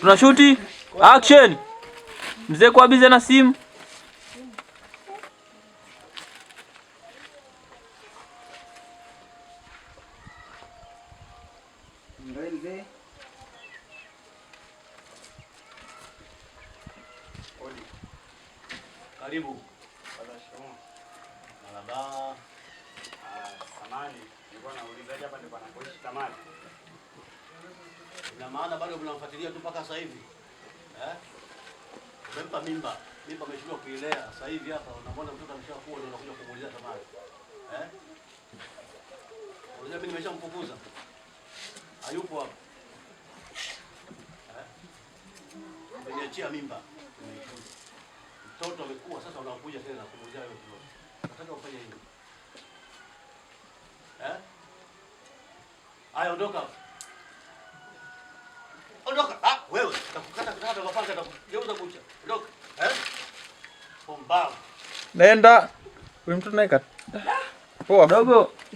Tunashuti action. Mzee kwa bize na simu. Karibu. Ah, samani, nilikuwa nauliza hapa Tamani na maana bado mnamfuatilia tu mpaka sasa hivi eh? Umempa mimba, mimba ameshindwa kuilea, sasa hivi hapa unamwona mtoto ameshakuwa, ndio unakuja kumuuliza tamaa eh? Unajua mimi nimeshamfukuza, hayupo hapa eh? Umeniachia mimba, mtoto amekuwa, sasa unakuja tena na kumuuliza wewe, nataka ufanye hivi eh? Haya, ondoka hapa. Ondoka. Ah, wewe nakukata kata kwa panga na kugeuza kucha. Ondoka. Eh? Pumbavu. Nenda. Huyu mtu naye kata. Poa. Dogo.